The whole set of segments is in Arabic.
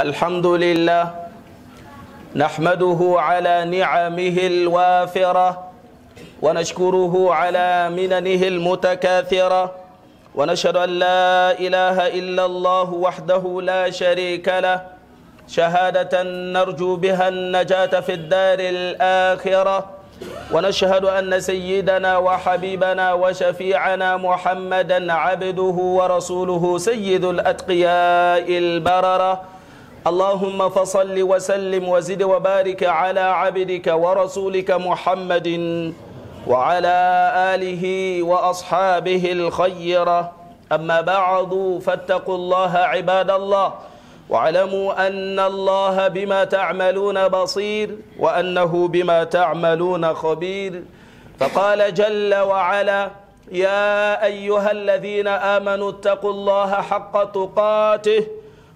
الحمد لله نحمده على نعمه الوافره ونشكره على مننه المتكاثره ونشهد ان لا اله الا الله وحده لا شريك له شهاده نرجو بها النجاه في الدار الاخره ونشهد أن سيدنا وحبيبنا وشفيعنا محمدا عبده ورسوله سيد الأتقياء البررة اللهم فصل وسلم وزد وبارك على عبدك ورسولك محمد وعلى آله وأصحابه الخيرة أما بعد فاتقوا الله عباد الله واعلموا أن الله بما تعملون بصير وأنه بما تعملون خبير فقال جل وعلا يا أيها الذين آمنوا اتقوا الله حق تقاته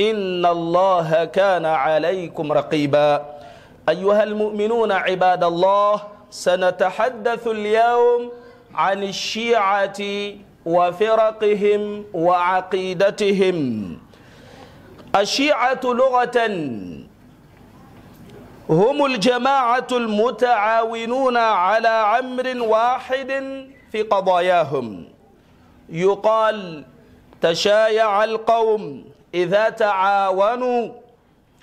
إن الله كان عليكم رقيبا أيها المؤمنون عباد الله سنتحدث اليوم عن الشيعة وفرقهم وعقيدتهم الشيعة لغة هم الجماعة المتعاونون على أمر واحد في قضاياهم يقال تشايع القوم إذا تعاونوا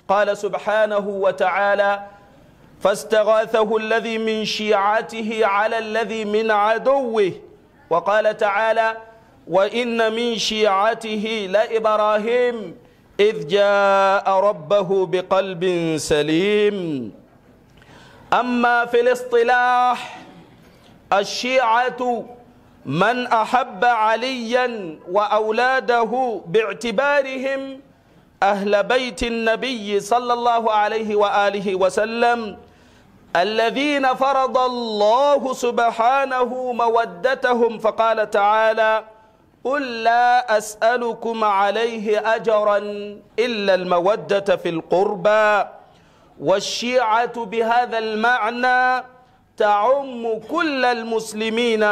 قال سبحانه وتعالى فاستغاثه الذي من شيعته على الذي من عدوه وقال تعالى وإن من شيعته لإبراهيم إذ جاء ربه بقلب سليم أما في الاصطلاح الشيعة من أحب عليا وأولاده باعتبارهم أهل بيت النبي صلى الله عليه وآله وسلم الذين فرض الله سبحانه مودتهم فقال تعالى قل لا أسألكم عليه أجرا إلا المودة في القربى والشيعة بهذا المعنى تعم كل المسلمين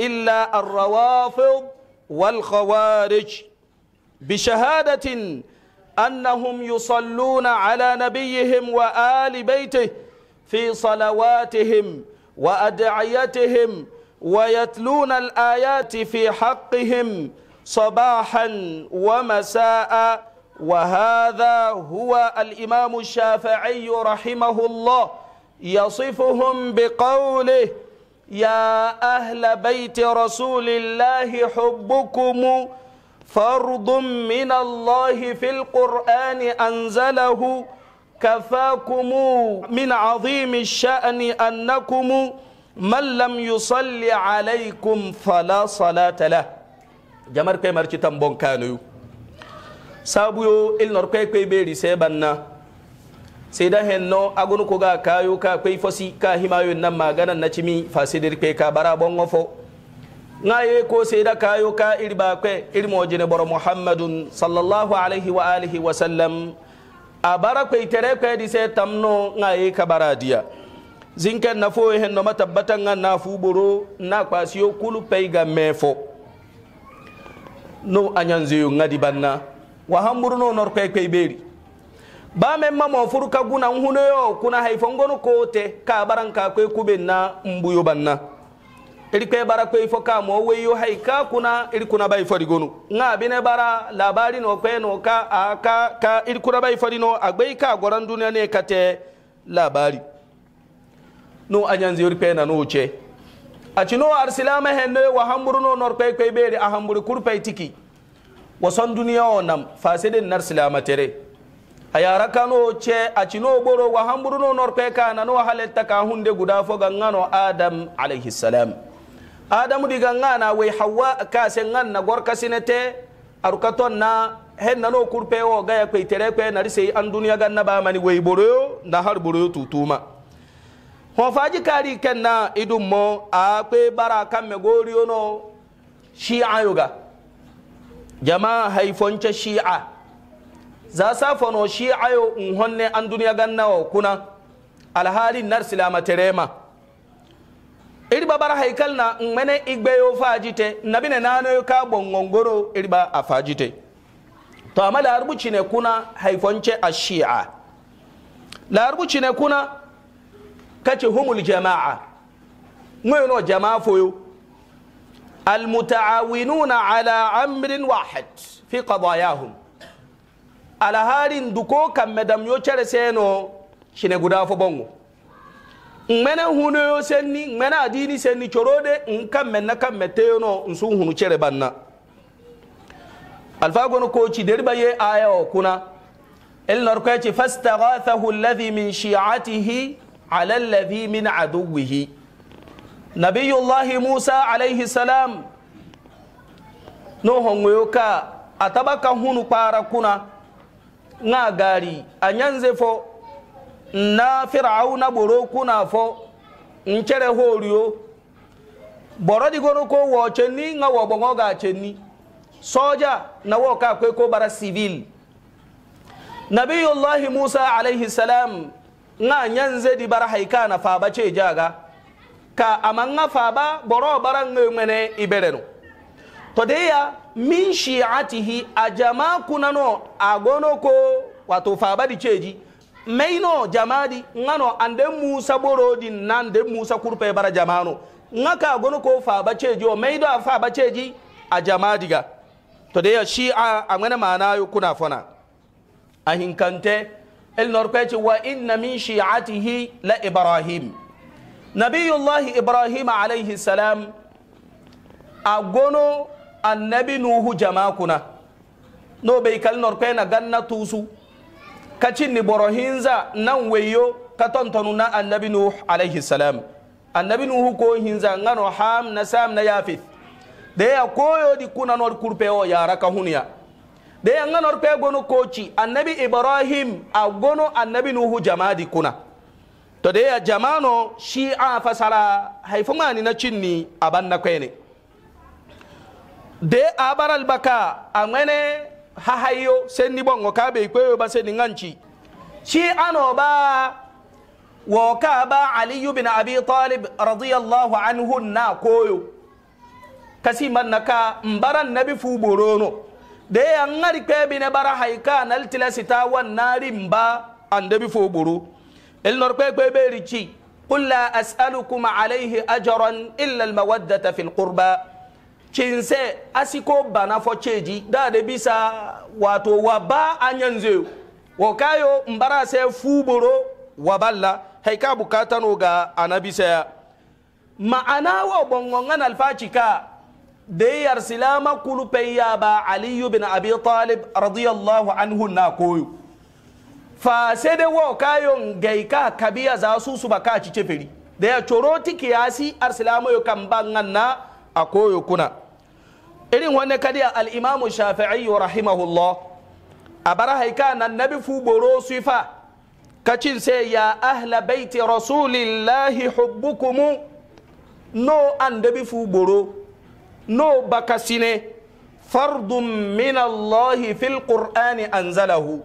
إلا الروافض والخوارج بشهادة أنهم يصلون على نبيهم وآل بيته في صلواتهم وأدعيتهم ويتلون الآيات في حقهم صباحا ومساء وهذا هو الإمام الشافعي رحمه الله يصفهم بقوله يا أهل بيت رسول الله حبكم فرض من الله في القرآن أنزله كفاكم من عظيم الشأن أنكم من لم يصلي عليكم فلا صلاة له جمر كي مرشي تنبون كانوا سابيو إلنر كي كي بيري سيبنا sai da henno agunu ko ga kayo ka kai fosi ka himayo nan maganan na cimi fasidir pe ka bara bon ofo ngaye ko sai kayo ka irba kwe irmo jine boro muhammadun sallallahu alaihi wa alihi wa sallam a bara kwe tere kwe di sai tamno ngaye ka bara dia zinke na fo henno mata batanga na fu boro na kwasiyo kulu pe mefo no anyanziyo ngadi banna wa hamburno nor kwe kwe beri ba men ma mafuru ka kuna haifan gono ko ka baran kwe kube mbuyo banna iri kwe bara kwe ifo ka mo we haika kuna iri kuna bai fari gono nga bine bara labari no kwe no ka a ka ka iri bai fari no agbe ka goran duniya ne ka labari no anyan ziyori kwe no che a cino arsilama hen no wa hamburu no nor kwe kwe beri a hamburu tiki wasan duniya onam fasede nar silama tere a yara kano ce acino ɓoro wa hamburuno norkue ka nano haletta ka hunde guda foga gano adam alayhi salam adamu diga gana wey hawa kase gan na gorka sinete aruka ton na hen nano kurpe o gaya kwey tere kue nari sey an duniya ganna bamani wey ɓoroyo nda har ɓoroyo tutuma ho faji kari kenna idum mo a kwe bara kamme goriyono shi'a yoga jama hay fonce shi'a za safono shi ayo in honne an duniya gannawo kuna alhali nar terema iriba bara haikal na mene yo fajite nabine nano ka bongongoro iriba afajite to amala arbuci ne kuna haifonce ashia la arbuci ne kuna kace humul jama'a ngoyono jama'a foyo المتعاونون على امر واحد في قضاياهم nduko duko medam yo chere seno shine guda fo bongo ngmene yo senni mena adini senni chorode n kamme na kamme no nsu hunu chere banna alfa gono koci derba ye aya o kuna elnor koyeci fastaghathahu alladhi min shiatihi ala alladhi min aduwwihi nabiyullahi musa alayhi salam no hongoyo atabaka hunu kpara kuna nga gari anyanze fo na firauna boro kuna fo nchere horio boro digoro ko wo chenni nga wo bongo ga chenni soja na wo ka kwe ko bara civil nabiyullahi musa alaihi salam nga nyanze di bara haika na faba ce jaga ka amanga ba boro bara ngwe mene ibereno to deya min shi'atihi a jama kunano a gono ko wato fabadi ceji maino jamadi ngano den musa boro di nan den musa kurfe bara jamano ngaka gono ko faba ceji o maido a faba ceji a ga to ya shi'a a ngana mana yo kuna fana a hinkante el wa inna min shi'atihi la ibrahim nabiyullahi ibrahim salam a gono annabi nuhu jama kuna no bai kalnor kwena ganna tusu kacin ni borohinza nan wayo ka tontonu na annabi nuhu alaihi salam annabi nuhu ko hinza ngano ham na sam na yafit de ya koyo di kuna nor o yara ka hunya de ya ngano pe gonu koci annabi ibrahim a annabi nuhu jamadi di kuna to de ya jamano shi'a fasara ni na cinni abanna kwene de abaral baka angwene hahayo senni bongo kabe ikweyo ba senni nganchi chi ano ba wo ka ba aliyu bin abi talib radiyallahu anhu na koyo kasi naka mbaran nabi fu borono de yangari kwebi ne bara haika naltila sita nari mba andabi fu el nor kwe kwe beri chi قل لا أسألكم عليه أجرا إلا المودة في القربى cinse asiko bana fo ceji de bisa wato waba anyanzeyo wokayo mbara se fuboro waballa hay ka no ga anabisaya ma'ana wa bongongan alfachika de yar silama kulupeyya ba aliyu bin abi talib radiyallahu anhu na koyo fa se de wa kayon gaika kabiya za su su baka ci ceferi da ya coro ti yasi arsilama yo kan na a koyo kuna irin wani kadiya al'imamu shafi'i rahimahullah abara bara haika nan nabi fuboro sifa kacin sai ya ahla baiti rasulillahi hubbukumu no an dabi fuboro no bakasine fardun min allahi fil qur'ani anzalahu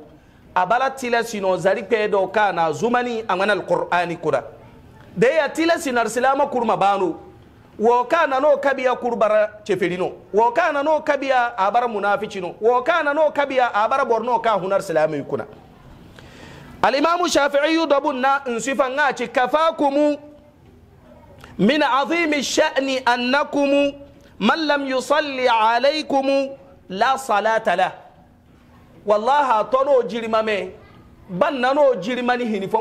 a bara tilasino zari pe doka zumani a al alqur'ani kura da ya tilasinar kurma banu wokana no kabiya kurbara cefelino wokana no kabiya abara munafichino wokana no kabiya abara borno ka hunar silami kuna alimamu shafi'i dabunna in sifa ngaci kafakumu min azimi sha'ni annakumu man lam yusalli alaykumu la salata la wallaha tono jirimame banna no jirimani hini fo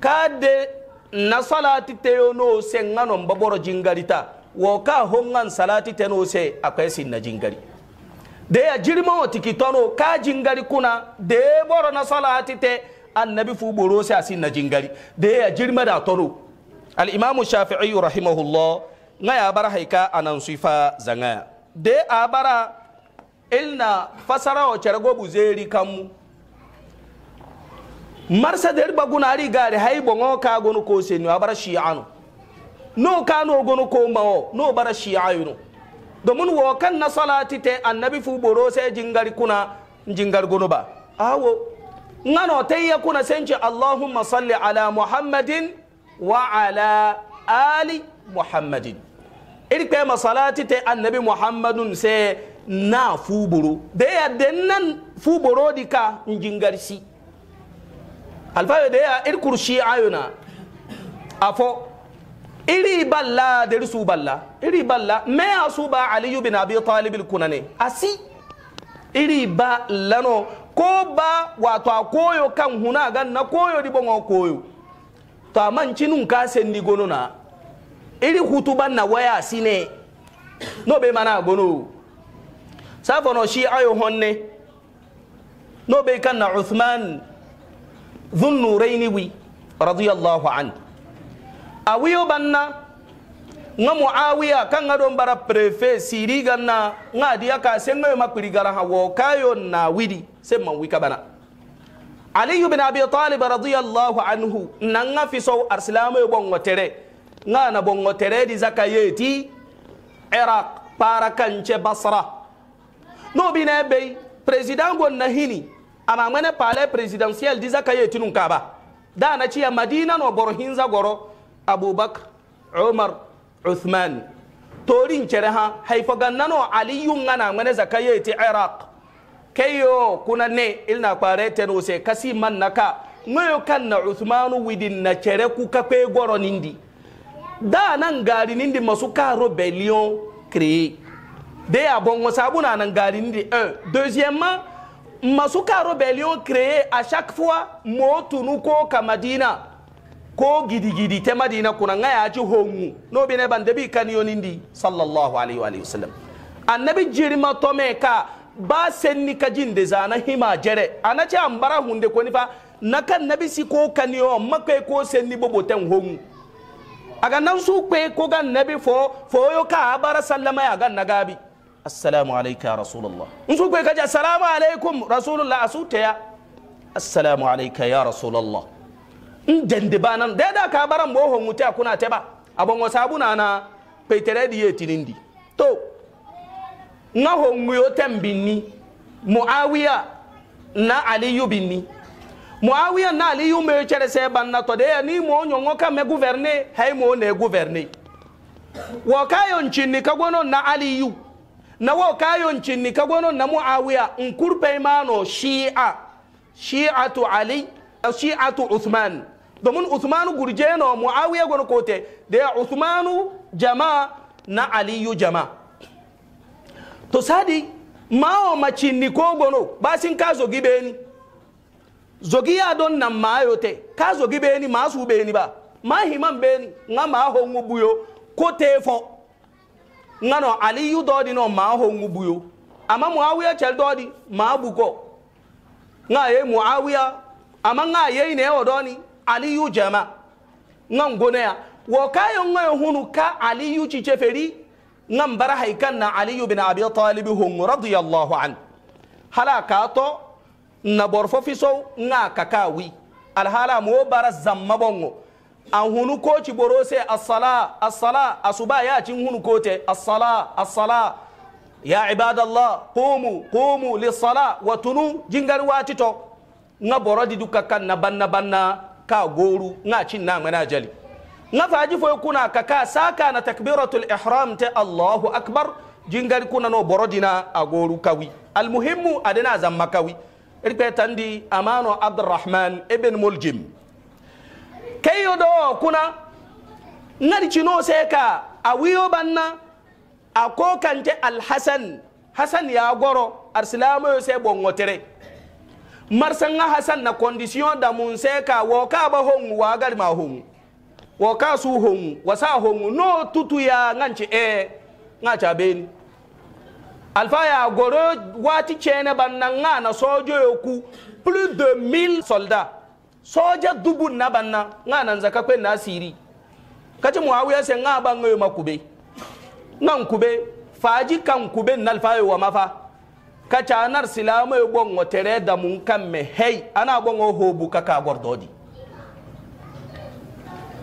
kade na salati teyo no se ngano mbaboro jingarita wo ka hongan salati te no se akwai sin na jingari de ya jirma tikitono ka jingari kuna de boro na salati te annabi fu boro se asin na jingari de ya jirma da tono al imam shafi'i rahimahullah ngaya bara haika anan sifa zanga de abara ilna fasara o cergo buzeri kamu marsa guna ari gari haibon o ka gonu ko senu shi anu no ka no gonu ko ma o no bara shi'ayunu domin wo kan na salati te annabi fu boro sai jingar kuna jingar gonu ba awo ngano te ya kuna sanci allahumma salli ala muhammadin wa ala ali muhammadin ma masalati te annabi muhammadun sai na fu boro da ya nan fu boro dika jingar si alfayo de ya ir kurshi ayuna afo iri balla der su balla iri balla me asu ba ali bin abi talib al kunani asi iri ba lano ko ba wato koyo kan huna gan na koyo di bongo koyo to man cinun ka sendi gonona iri hutuba na waya sine no be mana gono safono shi ayo honne no be kan na uthman ذو النورين وي رضي الله عنه أويو بنا nga muawiya kan ga prefe siri ganna nga dia ka sen ma kayo na widi sen man wika bana ali ibn abi talib radiyallahu anhu nan nga fi so arsilama bon di zakayeti iraq para kanche basra no bi na president gon na ama mene palais présidentiel disa ka ba kaba da na ciya madina no goro hinza goro abubakar umar uthman torin cere ha haifo gannano aliyun ngana mene zaka ti iraq kayo kuna ne ilna kware teno se kasi mannaka ngoyo kan na uthmanu widin na cere ku ka goro nindi da nan gari nindi masu ka rebellion créé de abon wasabuna nan gari nindi un deuxièmement masuka rebellion créé à chaque fois motu nuko ka madina ko gidigidi te madina kuna nga ya ji hongu no bine ban debi kaniyonindi sallallahu alaihi wa alihi wasallam annabi jirima tome ka ba senni ka jinde zana hima jere anace ambara hunde koni fa naka nabi si ko kaniyo makwe ko senni bobo ten hongu aga nan su kwe ko ga nabi fo fo yo ka abara sallama ya ga nagabi assalamu alayka rasulullah su kai kaja assalamu alaikum rasulullah asuteya assalamu alaika ya rasulullah ndende nan da da ka baran bo hon muta kuna teba abon wasabu na na peitere diye di. to na hon muyo tambini muawiya na aliyu binni muawiya na aliyu me chere se na to de ni mo nyongo ka me gouverner hay mo ne gouverner wakayo ka kagono na aliyu nawo kayon cinni kagonon na muawiya in kurpe mano shi'a shi'atu ali shi'atu uthman domin uthmanu gurje no muawiya gono kote da uthmanu jama na aliyu jama to sadi mawo macinni ko ba sin ka zogi beni zogi ya don nan mayote ka zogi beni masu beni ba ma himan beni nga ma hongu buyo ko tefo ngano aliyu dodi no ma ho ngubuyo ama muawiya chel dodi ma buko nga ye muawiya ama nga ye ne odoni aliyu jama nga ngone ya wo kayo ngoyo hunu ka aliyu chicheferi nga mbara haikan na aliyu bin abi talib hun radiyallahu an hala ka to na borfo fiso nga kakawi alhala mo bara zamma bongo an hunu koci boro sai as-sala as-sala asuba ya cin hunu kote as-sala as-sala ya ibadallah qumu qumu lis-sala wa tunu jingar wati to nga boro di duka kan na banna banna ka goru nga cin na mana jali nga faji fo kuna kaka saka na takbiratul ihram ta Allahu akbar jingar kuna no boro dina a goru kawi almuhimmu adina zamma kawi rikpe tandi amano abdurrahman ibn muljim keyo do kuna ngari chino seka awiyo banna ako kante alhasan hasan ya goro arsilamu yo se bongotere marsanga hasan na condition da mun seka wo ka ba hon wa gari ma hon wo ka su hon wasa hon no tutu ya nganci e ngacha beni alfa ya goro wati chene banna nga na sojo yoku plus de 1000 soldats soja dubu na banna nga nan zaka kwen na siri kace muawiya sai nga ban ngayo makube nan kube faji kan kube nal fayo wa mafa kace anar silama yo bongo ngotere da mun kan me hey ana o hobu kaka gordodi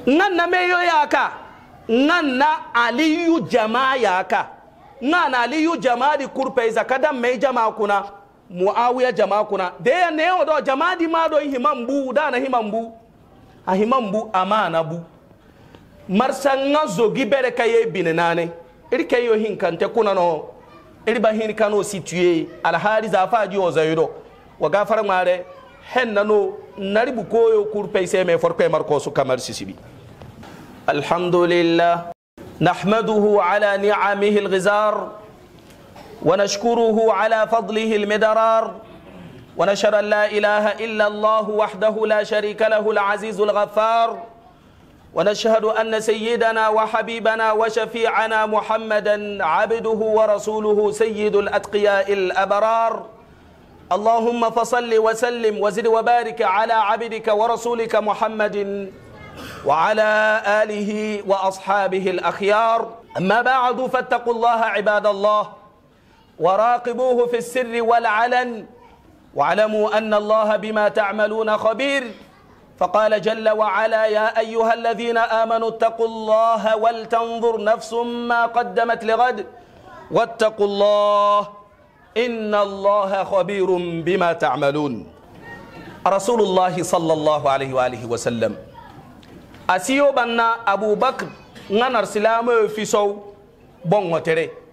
nan na meyo yaka nan na aliyu jama yaka nan aliyu jama di kurpe zakada mai jama kuna muawiya jamakuna kuna deya newo do jama di ma do himambu dana himambu a himambu amana bu marsa nga zogi bere ka ye bine nane iri ke yo hinkante kuna no iri ba hin kano situe alhari za fa ji ozayido wa gafara mare henna no naribu koyo kurpe se me forpe marko su kamar sisibi alhamdulillah نحمده على نعمه الغزار ونشكره على فضله المدرار ونشهد أن لا إله إلا الله وحده لا شريك له العزيز الغفار ونشهد أن سيدنا وحبيبنا وشفيعنا محمدا عبده ورسوله سيد الأتقياء الأبرار اللهم فصل وسلم وزد وبارك على عبدك ورسولك محمد وعلى آله وأصحابه الأخيار أما بعد فاتقوا الله عباد الله وراقبوه في السر والعلن واعلموا أن الله بما تعملون خبير فقال جل وعلا يا أيها الذين آمنوا اتقوا الله ولتنظر نفس ما قدمت لغد واتقوا الله إن الله خبير بما تعملون رسول الله صلى الله عليه وآله وسلم أسيو بنا أبو بكر نرسلامه سلامه في سو بون وتري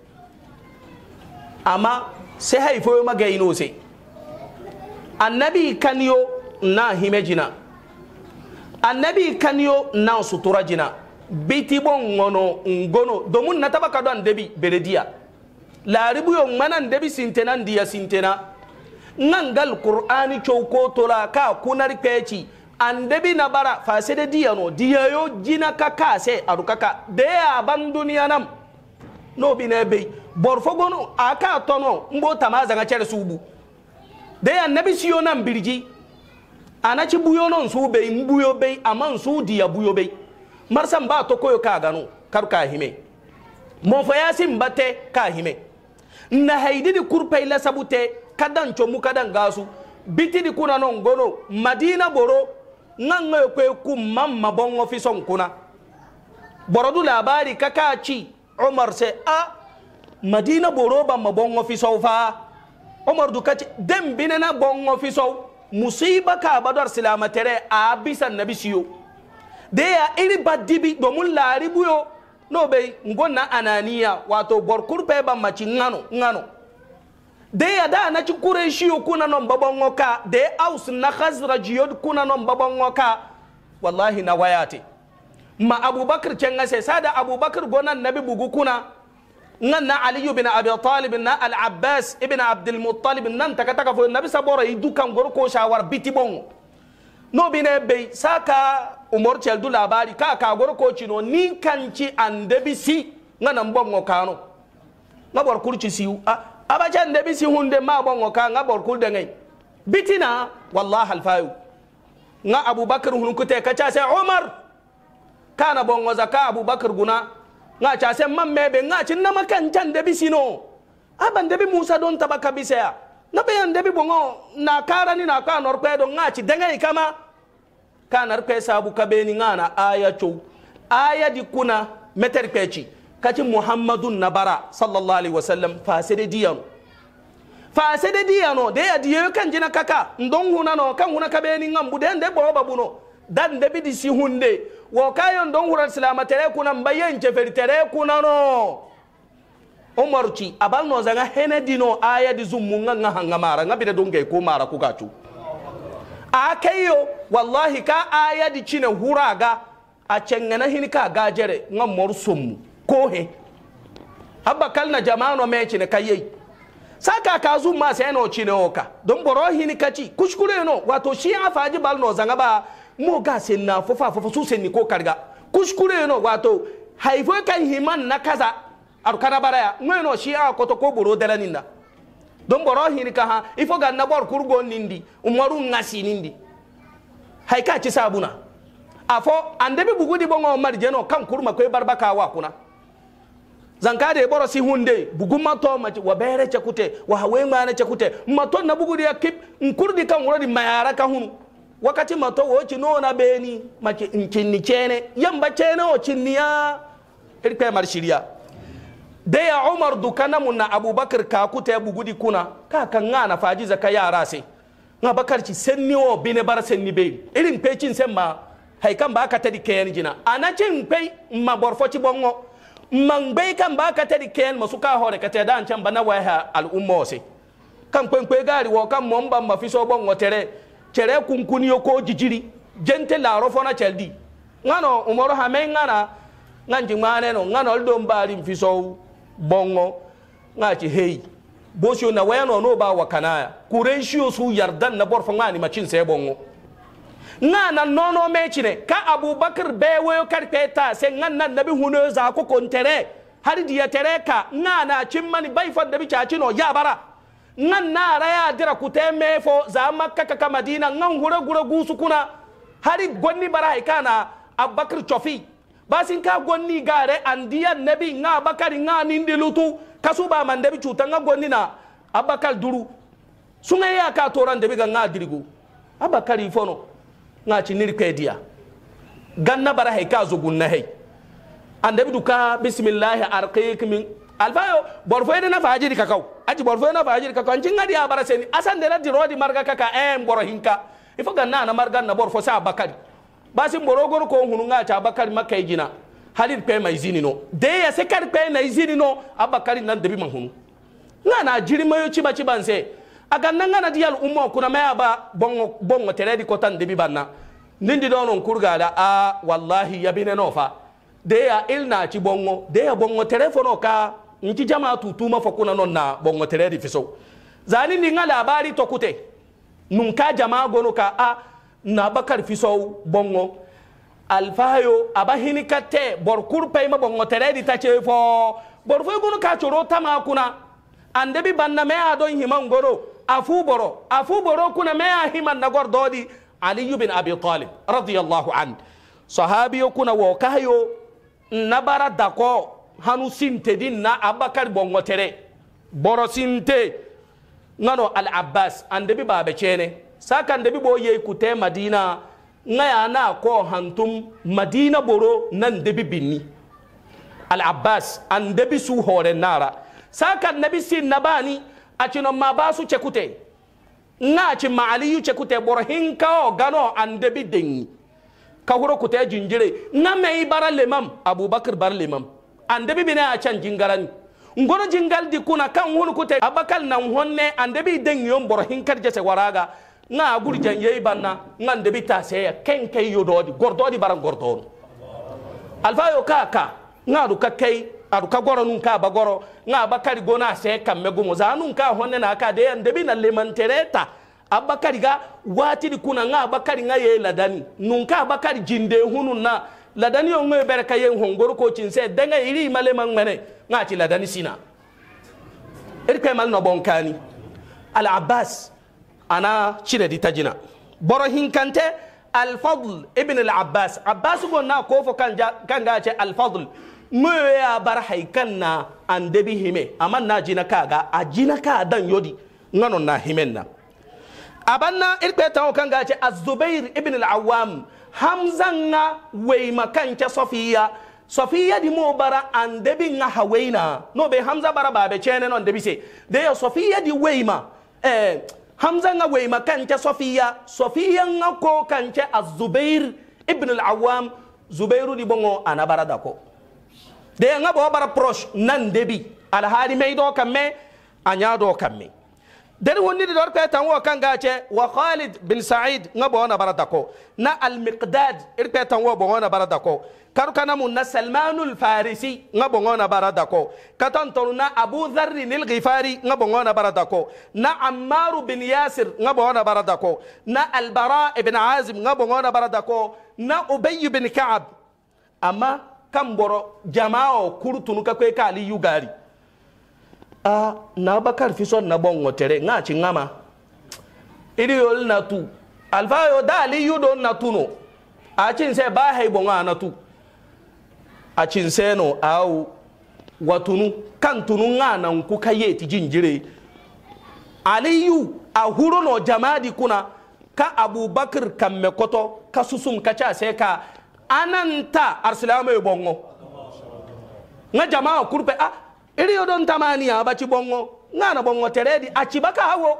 amma sai haifo maga ino sai annabi kaniyo na hime jina annabi kaniyo na sutura jina biti bon ngono ngono domin na taba kado andabi berediya laribu yo mana andabi sintena ndiya sintena ngangal qur'ani choko tola ka kunar peci andabi na bara fasede diya no diya yo jina kaka se arukaka de aban duniya nam no bi ne bai borfogon aka tono mbo tamaza nga chere su de ya nabi siyo na mbiriji anachi buyo non su be mbuyo be aman su di ya buyo be marsan ba to koyo ka gano kar ka hime mo fa yasin ka hime na haidi di kurpai sabute kadan chomu kadan gasu biti di kuna non ngono madina boro nganga kwe kumma mabon ofisom kuna borodu labari kakachi umar se a ah, madina boroba ma bongo fisow fa umar dukati dem binena bongo fisow musiba ka badar silama tere a bisan nabi siyo de ya iri badibi domin laribu buyo no bai ngonna ananiya wato borkur pe ban maci ngano ngano de ya da na ci kure shiyo kuna non babon ngoka de aus na khazraj yod kuna non babon ngoka wallahi na wayate ma abubakar can sada abubakar gonan nabi bugu kuna nan na aliyu bin abi talib na al abbas ibn abdul muttalib nan taka taka fo nabi saboro idu kan gor ko shawar biti bon no bine be saka umar chel du labari ka ka gor ko chino ni kanci andebisi ngana mbongo kano ngabor kurci siu a abacha andebisi hunde ma bongo ka ngabor kul de ngai bitina wallahi al fayu nga abubakar hunkuta kacha sai umar kana bongo zaka abubakar guna nga cha se mamme be nga chi nama kan chan de bisino aban de musa don tabaka bisaya na be yan de bi bongo na kara ni na ka nor pedo nga chi denga ikama kanar pe sabu kabeni nga na aya cho aya di kuna meter pechi kaci muhammadun nabara sallallahu alaihi wasallam fasede diyano fasede diyano de ya diyo kan jina kaka ndon huna no kan huna kabeni ngambu de nde boba buno dan de bidi si hunde wo kayon don hurar silama tere kuna mbayen cheferi tere kuna no umaru a abal no zanga hene dino aya di zummu nga nga hanga mara nga don gai ko mara ku gacu a kayo wallahi ka aya di cine huraga a cengana hini ka gajere nga moru sommu ko he abba kalna jamano me cine kayyai saka ka zumma sai no cine oka don boro hini kaci kushkure no wato shi afaji bal no zanga ba moga se na fofa fofa su se ni ko karga kuskure no wato haifo kan himan na kaza arkana baraya ngwe no shi a koto ko buru dela ninda don boro hin ka ha ifo ga na bor kurgo nindi umaru ngasi nindi haika ci sabuna afo ande bi bugudi bongo marje no kan kurma ko barbaka wa kuna zankade boro si hunde buguma to ma wa bere chakute wa hawe ma na chakute maton na bugudi akip nkurdi kan wurodi mayara ka hunu wakati mato wo chino na beni machi nchini chene yamba chene o chinia ilikuwa marshiria de ya Umar dukana munna Abubakar ka kuta ya bugudi kuna ka kan ngana faji zaka yara sai nga bakar chi senni o bine bar senni be irin pecin semma hay kan ba ka tadi kayan jina anacin pe ma borfo ci bongo mangbe kan ba ka tadi kayan masu ka hore ka tada an can bana waya al ummo sai kan kwen kwe gari wo kan mon ban mafiso bongo tere chere kunkuni yoko jijiri jente laro fona cheldi ngano umoro hame ngana nganji ngane no ngano ldo mbali mfiso bongo ngachi hey bosio na wayano no ba wakanaya kurenshiyo su yardan na borfa ngani machin se bongo ngana nono mechine ka abubakar bewe karpeta se ngana nabi huno za ko kontere har diya tere ka ngana chimmani bai fadda bi chachi no yabara nan na raya dira k'u kuteme mefo za makka kaka madina nan gure gure gusu kuna hari gonni bara haikana abakar chofi sin ka gonni gare andiya nabi nga abakar nga nin dilutu kasu ba man debi cuta nga gonni na abakar duru sunga ya ka toran debi ga nga dirigu abakari fono nga cinir kediya ganna bara haika zugun na hai andabi duka bismillah arqiq min alfayo borfo na fajiri kakau aji bor fo na fa ajir ka kan jinga dia bara seni asan de di rodi marga ka ka em eh, boro hinka ifo ganna na marga na bor fo sa bakari basin boro ko hunu nga cha bakari makai jina halil pe mai zini no de ya se kar pe na izini no abakari nan de bi man hunu nga na jiri mayo chiba chiba nse aga nanga na dial umma kuna maya ba bongo bongo teredi kotan de bi banna nindi donon kurgala a ah, wallahi yabine no de ya ilna ci bongo de ya bongo telefono ka nci jama tutuma fo kuna non na bongo tereri fiso zani ni nga labari to kute nun ka jama gono ka a na bakar fiso bongo Alfayo abahini kate borkur payma bongo tereri tace fo borfo gono ka choro tama kuna andebi banna me adon himan goro afu boro afu boro kuna me a himan na gor dodi aliyu bin abi talib radiyallahu an sahabiyo kuna wo kahayo nabara dako hanu sinte din na abakar bongo boro sinte ngano al abbas andebi babe chene saka andebi boye ku te madina ngaya na ko hantum madina boro nan debi binni al abbas andebi su hore nara saka nabi sin nabani acino mabasu basu na ci maaliyu aliyu boro hinkao gano andebi dengi kahuro kute jinjire na mai bara lemam abubakar bar lemam ande bi bina a can jingalani ngoro jingal di kuna kan hun kute abakal nan honne ande bi den yon bor hin kar jese waraga nga aguri jan yei banna nga ande bi ta se ken kay di gordo di baran gordo alfa yo kaka nga du ka kai adu ka goro nun ka ba goro nga bakari gona se kan megu mo za nun ka honne na ka de ande bi na lemantereta abakari ga wati di kuna nga abakari nga ye ladani nun ka abakari jinde hunun na ladani yo ngwe berka yen hongor ko cinse denga iri male mangmene ngati ladani sina irke mal no bonkani al abbas ana cire ditajina tajina boro hinkante al fadl ibn al abbas abbas go na ko fo kan kan ga al fadl mwe ya bar haikan na andebi hime aman na jina kaga ajina ka dan yodi ngano na himen na abanna irke tawo kan ga ce az-zubair ibn al awam hamza nga weima kancha sofia sofia di mo bara andebi nga haweina no be hamza bara babe chene no debi se de sofia di weima eh hamza nga weima kancha sofia sofia nga ko kancha azubair ibn al-awwam zubairu di bongo ana bara dako de nga bo bara proche nan debi alhali me do kamme kamme deni wonni di dorpe tan wo kanga che wa Khalid bin Sa'id nga bo na barata ko na Al Miqdad irpe tan wo bo na barata ko karu kana mun na Salmanul Farisi nga bo na barata ko katan tonu na Abu Dharr al Ghifari nga bo na barata ko na Ammar bin Yasir nga bo na barata ko na Al Bara ibn Azim nga bo na barata ko na Ubay bin Ka'ab amma kan boro jama'o kurtunu ka kwe ka Ali Yugari a na bakar fi son na bon wotere nga ci ngama iri yol na tu alfa yo dali yudo na tuno a cin se ba hay bon na tu a cin se no awu watunu kan tunu nga nan ku kaye ti jinjire aliyu a huro no jamadi kuna ka abubakar kan mekoto ka susum ka ca sai ka ananta arsilama ya bongo nga jama'a kurpe a iri odo tamani ya bachi bongo ngana bongo teredi baka hawo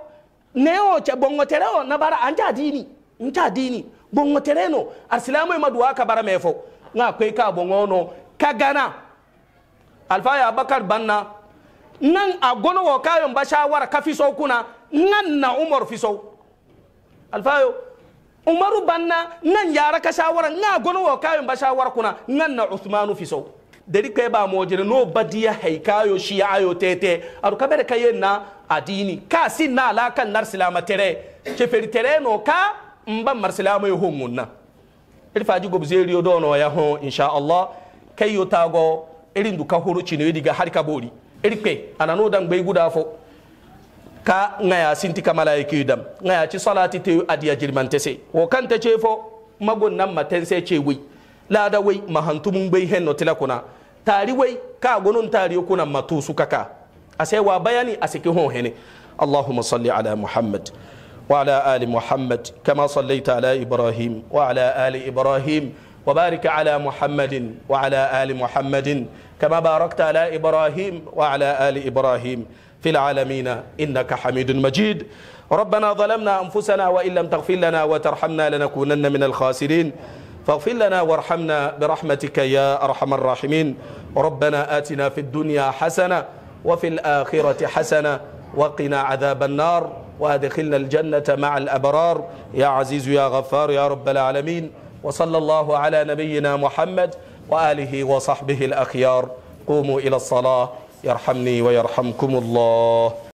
neo cha bongo tereo na bara anja dini nta dini bongo tereno arsilamu e maduwa ka bara mefo nga kweka ka bongo no ka gana alfa ya bakar banna nan a wo kayon ba shawara ka fiso kuna nan na umar fiso alfayo umaru banna nan yara ka shawara nga agono wo kayon ba shawara kuna nan na usmanu fiso deri kai ba mo jere no badiya haikayo shi ayo tete aru kabere kayen na adini ka si na ala kan nar silama tere ke feri tere no ka mba mar silama yo homunna irfa ji gob zeriyo do no ya ho insha Allah kai yo tago irin duka horo chine diga har ka bori irpe anano dan gbe guda fo ka ngaya sinti kamala yake dam ngaya ci salati te adiya jirman se. wo kan ta ce fo magon nan matense ce wi lada wai mahantumun bai hen notila kuna tari wai ka gonun tari kuna matusu kaka asai wa bayani asiki hon hene اللهم صل على محمد وعلى آل محمد كما صليت على إبراهيم وعلى آل إبراهيم وبارك على محمد وعلى آل محمد كما باركت على إبراهيم وعلى آل إبراهيم في العالمين إنك حميد مجيد ربنا ظلمنا أنفسنا وإن لم تغفر لنا وترحمنا لنكونن من الخاسرين فاغفر لنا وارحمنا برحمتك يا أرحم الراحمين ربنا آتنا في الدنيا حسنة وفي الآخرة حسنة وقنا عذاب النار وأدخلنا الجنة مع الأبرار يا عزيز يا غفار يا رب العالمين وصلى الله على نبينا محمد وآله وصحبه الأخيار قوموا إلى الصلاة يرحمني ويرحمكم الله